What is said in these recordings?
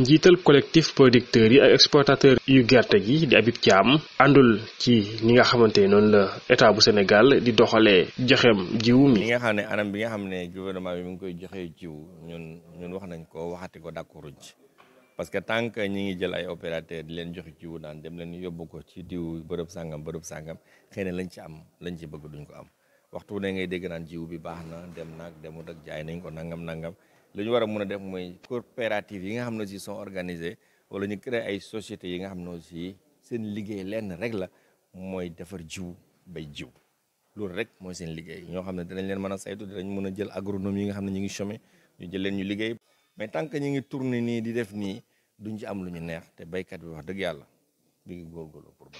njiital collectif producteurs yi ak exportateurs yu gerte gi di ci am àndul ci ñi nga xamante noonu la état bu Sénégal di doxalee joxem jiw mi. nga xam ne anam bi nga xam ne gouvernement bi mu ngi koy joxee jiw ñun ñun wax nañ ko waxati ko d'accord ci parce que tant que ñi ngi jël ay opérateur di leen jox jiw naan dem leen yóbbu ko ci diw bërëb sàngam bërëb sàngam xëy na lañ ci am lañ ci bëgg duñ ko am waxtu ne ngay dégg naan jiw bi baax na dem naag demut ak jaay nañ ko nangam nangam. li ñu war a mun a def mooy coopérative yi nga xam ne si son organisées wala ñu créer ay sociétés yi nga xam ne si seen liggéey lenn rek la mooy defar jiw bay jiw loolu rek mooy seen liggéey ñoo xam ne danañ leen mën a saytu dinañ mën a jël agronome yi nga xam ne ñu ngi chômé ñu jël leen ñu liggéey mais tant que ñu ngi tourné nii di def nii duñ ci am lu ñu neex te béykat bi wax dëgg yàlla mi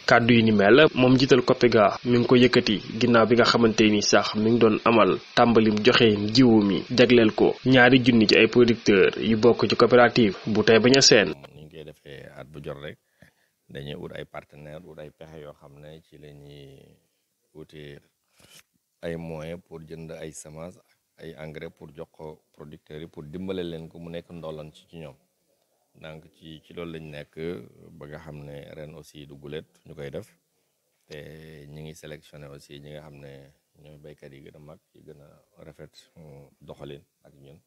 kàddu yi ni mel moom jiital COPEGA mi ngi ko yëkkati ginnaaw bi nga xamante ni sax mi ngi doon amal tàmbalim joxe jiwu mi jagleel ko ñaari junni ci ay producteurs yu bokk ci coopérative bu tey bañ a seen. ni ñu koy defee at bu jot rek dañuy ut ay partenaires ut ay pexe yoo xam ne ci la ñuy utee ay moyens pour jënd ay semences ay engrais pour jox ko producteurs yi pour dimbale leen ko mu nekk ndollan ci ci ñoom. donc ci ci loolu lañ nekk ba nga xam ne ren aussi du gulet ñu koy def te ñi ngi sélectionné aussi ñi nga xam ne ñooy béykat yi gën a mag yi gën a rafet mm, doxalin ak ñun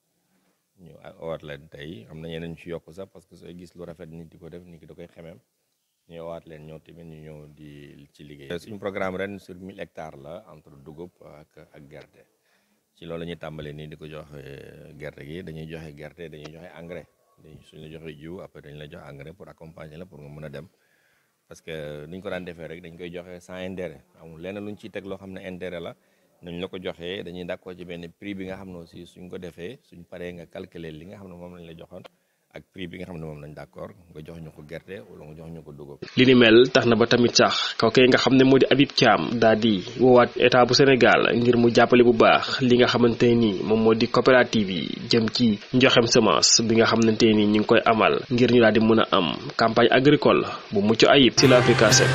ñu owaat leen tey am na ñeneen ci yokk sax parce que sooy gis lu rafet nit di ko def nii da koy xemeem ñu owaat leen ñoo tamit ñu ñëw di ci liggéey suñu programme ren sur 1000 hectares la entre dugub ak ak gerte ci loolu la ñuy tàmbalee nii di ko joxe gerte gi dañuy joxe gerte dañuy joxe engrais suñ la joxee jiw après dañ la jox engrais pour accompagner la pour nga mën a dem parce que ni ñu ko daan defee rek dañ koy joxe sans intérêt amul lenn lu ñu ciy teg loo xam ne intérêt la nañ la ko joxe dañuy d'accord ci benn prix bi nga xam ne aussi suñ ko defee suñ paree nga calculer li nga xam ne moom lañ la joxoon ak prix bi nga xam ne moom lañ d'accord nga jox ñu ko gerte wala nga jox ko dugub. li ni mel tax na ba tamit sax kooku nga xam ne moo di Habib Thiam daal di woowaat état bu Sénégal ngir mu jàppale bu baax li nga xamante ni moom moo di coopérative yi jëm ci njoxem semence bi nga xamante ni ñu ngi koy amal ngir ñu daal di mën a am campagne agricole bu mucc ayib ci l'application.